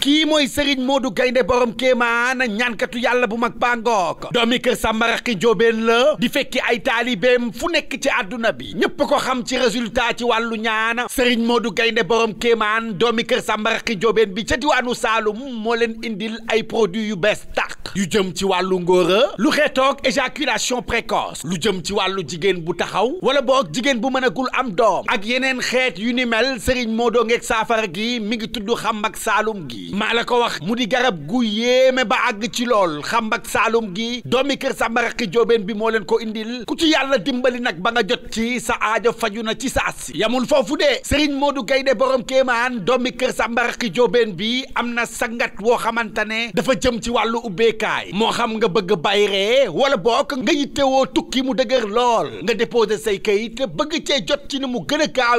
kii mooy Serigne Modou Gaynde borom kéemaan ñaankatu yàlla bu mag bangook doomi kër sàmmaraqi jóobeen la di fekki ay taalibeem fu nekk ci àdduna bi ñépp ko xam ci résultat ci wàllu ñaan Serigne Modou Gaynde borom kéemaan doomi kër sàmmaraqi jóobeen bi ca diwaanu Saalum moo leen indil ay produits yu bees tàq yu jëm ci wàllu ngóora lu xeetoog éjaculation précoce lu jëm ci wàllu jigéen bu taxaw wala boog jigéen bu mënagul am doom ak yeneen xeet yu ni mel Serigne Modou saafara gi mi ngi tudd xam ak Saalum gi mala la ko wax mudi garab gu yeme ba ag ci xam xambak salum gi keur sa sàmbaraqi joben bi mo len ko indil ku ci yalla dimbali nak ba nga jot ci sa aajo fajuna na ci saasi yamul fofu de serigne modou gayde borom domi keur sa sàmbaraqi joben bi amna sangat wo xamantane dafa jëm ci ubbe kay mo xam nga bëgg bayre wala bok nga yittewoo tukki mu dëgër lol nga déposé say kayit bëgg ci jot ci ni mu gën a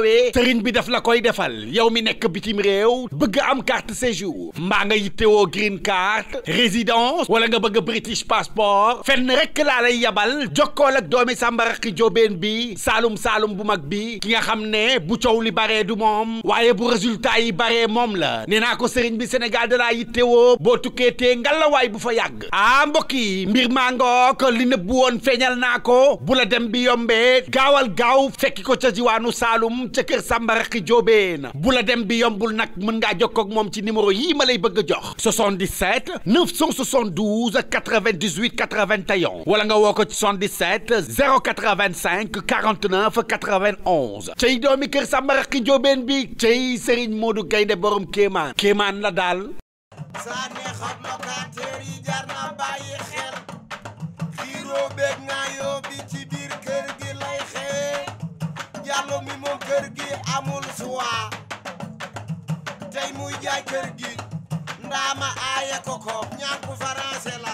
bi daf la koy defal yow mi nek bitim rew bëgg am carte séjour woo mbaa nga yittewoo green card résidence wala nga bëgg british passport fenn rek laa lay yabal jokkool ak doomi sàmbaraqi jóbeen bi saalum-saalum bu mag bi ki nga xam ne bu coow li baree du moom waaye bu résultat yi baree moom la nee naa ko sëriñ bi sénégal da yittewoo boo tukkeetee ngalawaay bu fa yàgg ah mbokk yi mbir maa ngook li nëbbu woon feeñal naa ko bu la dem bi yombee gaawal gaaw fekki ko ca jiwaanu saalum ca kër sàmbaraqi jóbeen bu la dem bi yombul nag mën ngaa jokkoog moom ci numéro yi yi ma lay bëgg jox 77 972 98 81 wala nga woo ko ci 77 085 49 91 cey doomi kër Samba Rakki Njoobeen bi cey Serigne Modou Gaynde borom Kéemaan Kéemaan la daal saa neexam locataire yi jar na bàyyi xel xiro xiiroo beeg yo bi ci bir kër gi lay xewe jàllo mi moom kër gi amul suwa tey muy jaay kër gi ndaama aaye ko ko ñaan ku faransé la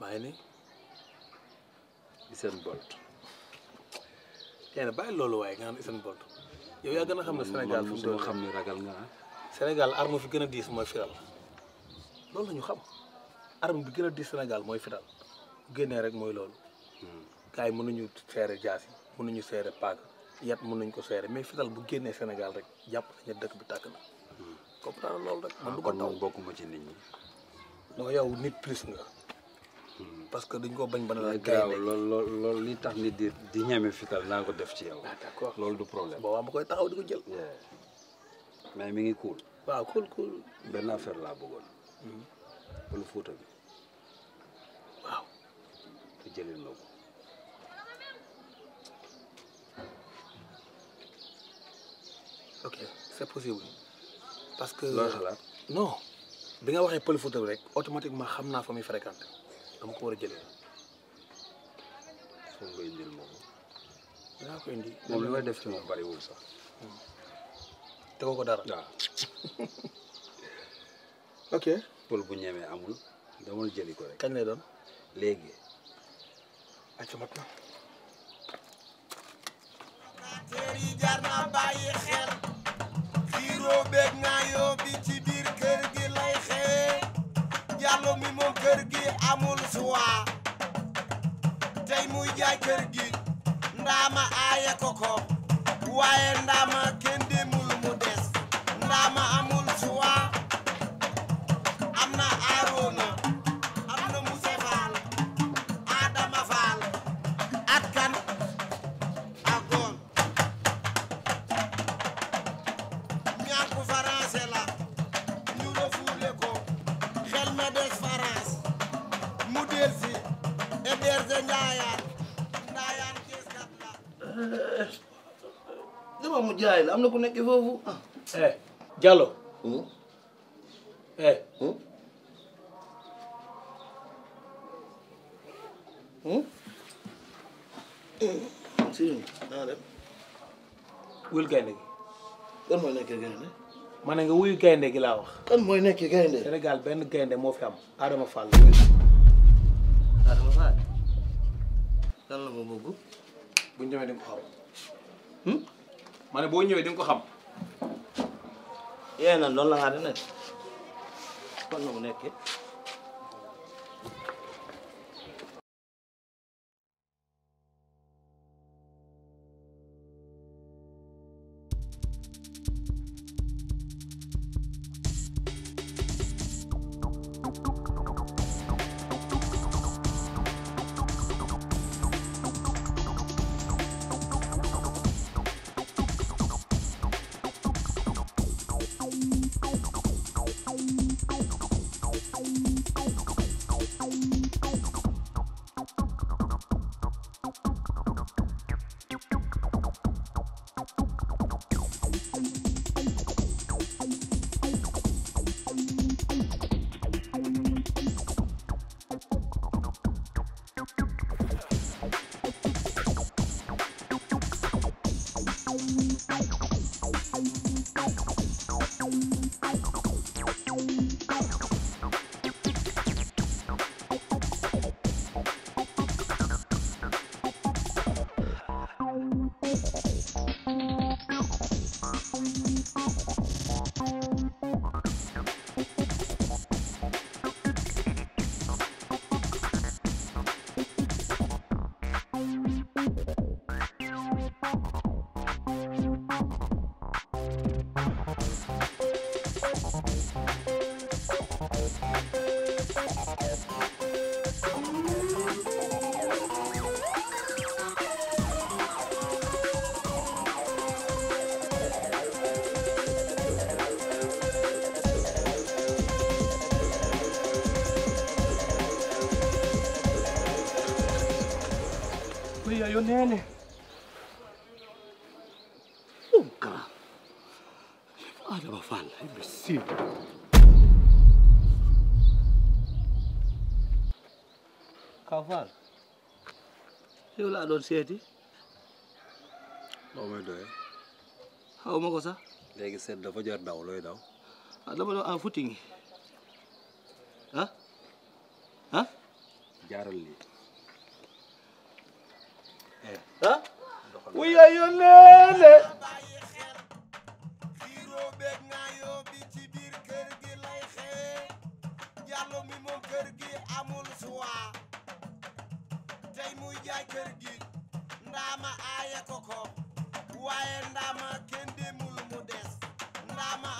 Maeli, isan bolt. Kena bayar lolo ay kan isan bolt. Yo ya gana kamu Senegal fundo. Mau kamu ragal nggak? Ah. Senegal armu bikin di semua Lolo nyu kamu. Armu bikin di Senegal mau viral. Gini rek mau lolo. Kayak hmm. mau nyu share jasi, mau nyu share pagar. Iya, mau nanya ke saya, mau viral begini Senegal rek, jap hanya betakan. Kau lolo rek? Kau mau bawa kemana ini? Nah ya, unit plus enggak parce que dañ ko bañ ban la gaaw lool lool lool li tax nit di di ñame fital na ko def ci yow ah, d'accord lool du problème bo ma koy taxaw diko jël mais mi ngi cool wa cool cool ben affaire la bëggoon hmm. lu photo bi waaw te jëlel mako ok c'est possible parce que non bi nga waxee pël photo rek automatiquement xamna fa fréquenter dama ko war a jëlee foog nga indil moom dinaa ko indi moom li may def ci moom bariwul sax tegoo ko dara waaw ok pël bu ñemee amul dama ko rek lay doon mat na xel bi ci Diallo mi moom kër gi amul suwaa tey muy jaay kër gi ndaama aaye ko ko waaye ndaama kenn demul mu des ndaama amul xanaa mu jaay la am na ku nekk foofu ah. eh Diallo. Hmm? eh. Hmm? Hmm? sëñ naa dem. wuyul gaynde gi. kan mooy nekkee gaynde. ma ne nga wuyu gaynde gi laa wax. kan mooy nekkee gaynde. Sénégal benn gaynde moo fi am Adama Fall. Adama Fall. lan la ma bëgg. bu xaw. ma ne boo ñëwee di nga ko xam. yéen a loolu la nga xam ne kon nu mu nekkee. أنا بفعل بالسير kafal yau la don seti ba mai doye ha o mako sa legi set dafa jar daw loy daw a dama do a footing ha ha jaral li eh ha are yo lele yaay kër gi ndaama aaye ko ko waaye ndaama kenn demul mu des ndaama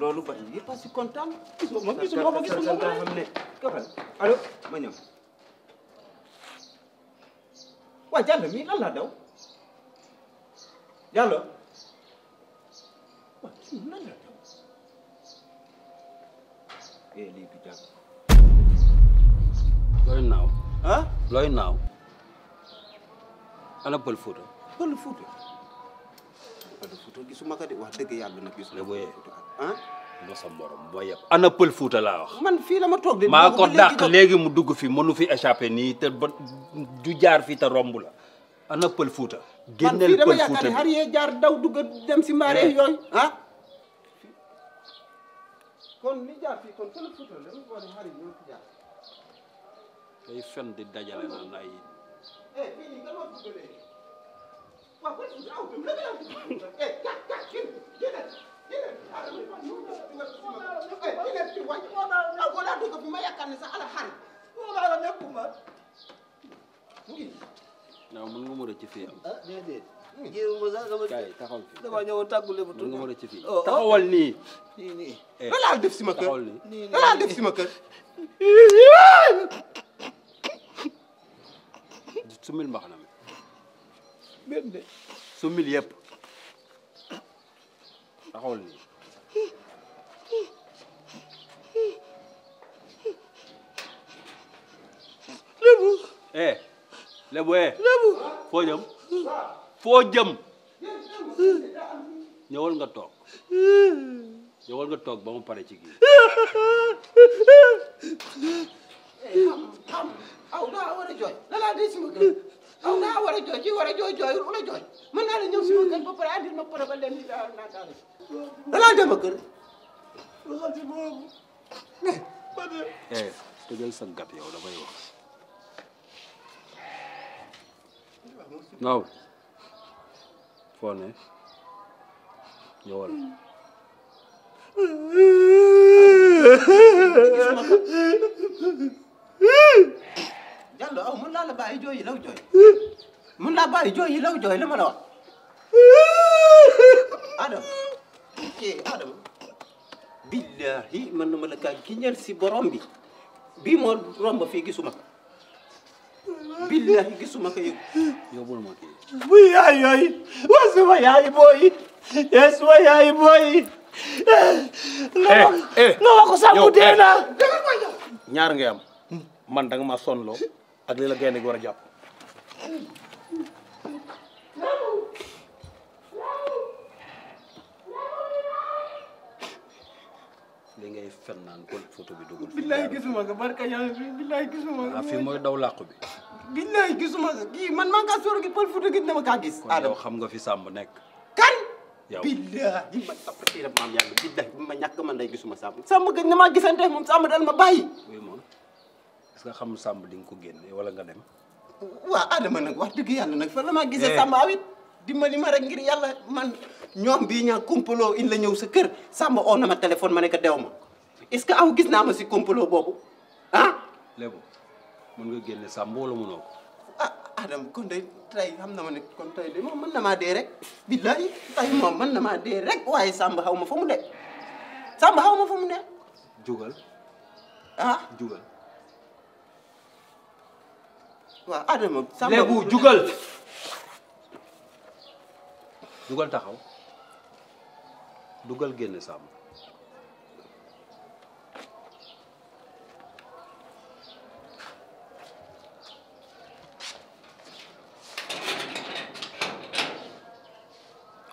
loolu ba yëpp a si kontaan. ma gisuma ma gisuma ma xam ne. allo ma ñëw. waaw Diallo mii lan laa daw Diallo waaw kii lan laa daw. eh lii du jàpp. looy naaw. ah looy naaw. ana pël Fuuta. pël Fuuta. photo gisuma ko de wax dëgg yàlla nag gisuma ko ah do sa borom boo ana pël fuuta laa wax man fii la ma toog de maa ko dàq léegi mu dugg fi mënu fi échappé nii te ba jaar fii te romb la ana pël fuuta génneel pël fuuta bi yee jaar daw dugg dem si mbaare eh. yooyu ah? naaw mën nga mën a ci fii am. ah déedéet. jiw ma sax dama. kay taxawal fii dama ñëwoon tàggule ba. mën nga mën a ci fii taxawal nii. nii nii. da laa def si ma kër taxawal nii da laa def si ma kër. sumil mbax na mi. benn summil yëpp taxawal nii lébu eh lébu eh lébu foo jëm foo nga toog ñëwal nga toog ba mu pare ci gi war a jooy war a jooy jooyul ula jooy la ñëw si ma kër ba pare andil ma problème leen di daal naataal da laa dem a kër waxati boobu ma ne eh tëjal sa gat yow la bàyyi jooy law jooy mun la bari joy Ada, law joy lama la wax si borom bi bi mo romba gisuma billahi gisuma kay yobul mo bu yaay boy yes wa boy no wa ko sa mu de na ñaar nga am man da sonlo ak li la genn gi li ngay fen naan kon photo bi dugul billaay gisuma nga barka yàlla bi billaay gisuma nga ah, fii mooy daw làqu bi billaay gisuma nga kii man gi photo gi dama gis xam nga fi kan yow ma tapati rek maam yàlla billaay ma ñàkk man day gisuma sàmb sàmb gën na gisante moom sàmb dal ma bàyyi oui moom est-ce xam sàmb di ko génne wala nga dem wax la eh. awit dima ma rek ngir yalla man ñom bi ñaa kumpaloo in la ñew sa kër sàmba on na ma téléphone mané ko dew est-ce que aw gis na ma si kumpulo bobu ah lebo mën nga génne sa mbolo mëno ko ah adam kon day tay xam na ma ne kon tay de moom mën na ma dé rek billahi tay moom mën na ma dé rek waye sàmba xaw ma mu ne sàmba xaw ma mu ne jugal ah jugal waaw adama sàmba Lebu, jugal dugal taxaw dugal génn sàmm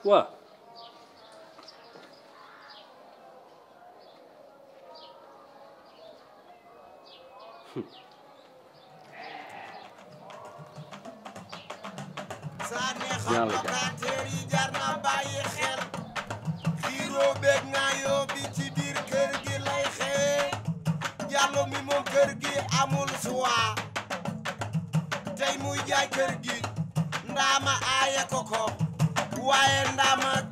waa ñaan la jàmm jar na bàyyi xel xiiroo beeg naayoo bi ci biir kër gi lay xewe jàllo mi moom kër gi amul suwa tey muy jaay kër gi ndaama aaye ko ko waaye ndaama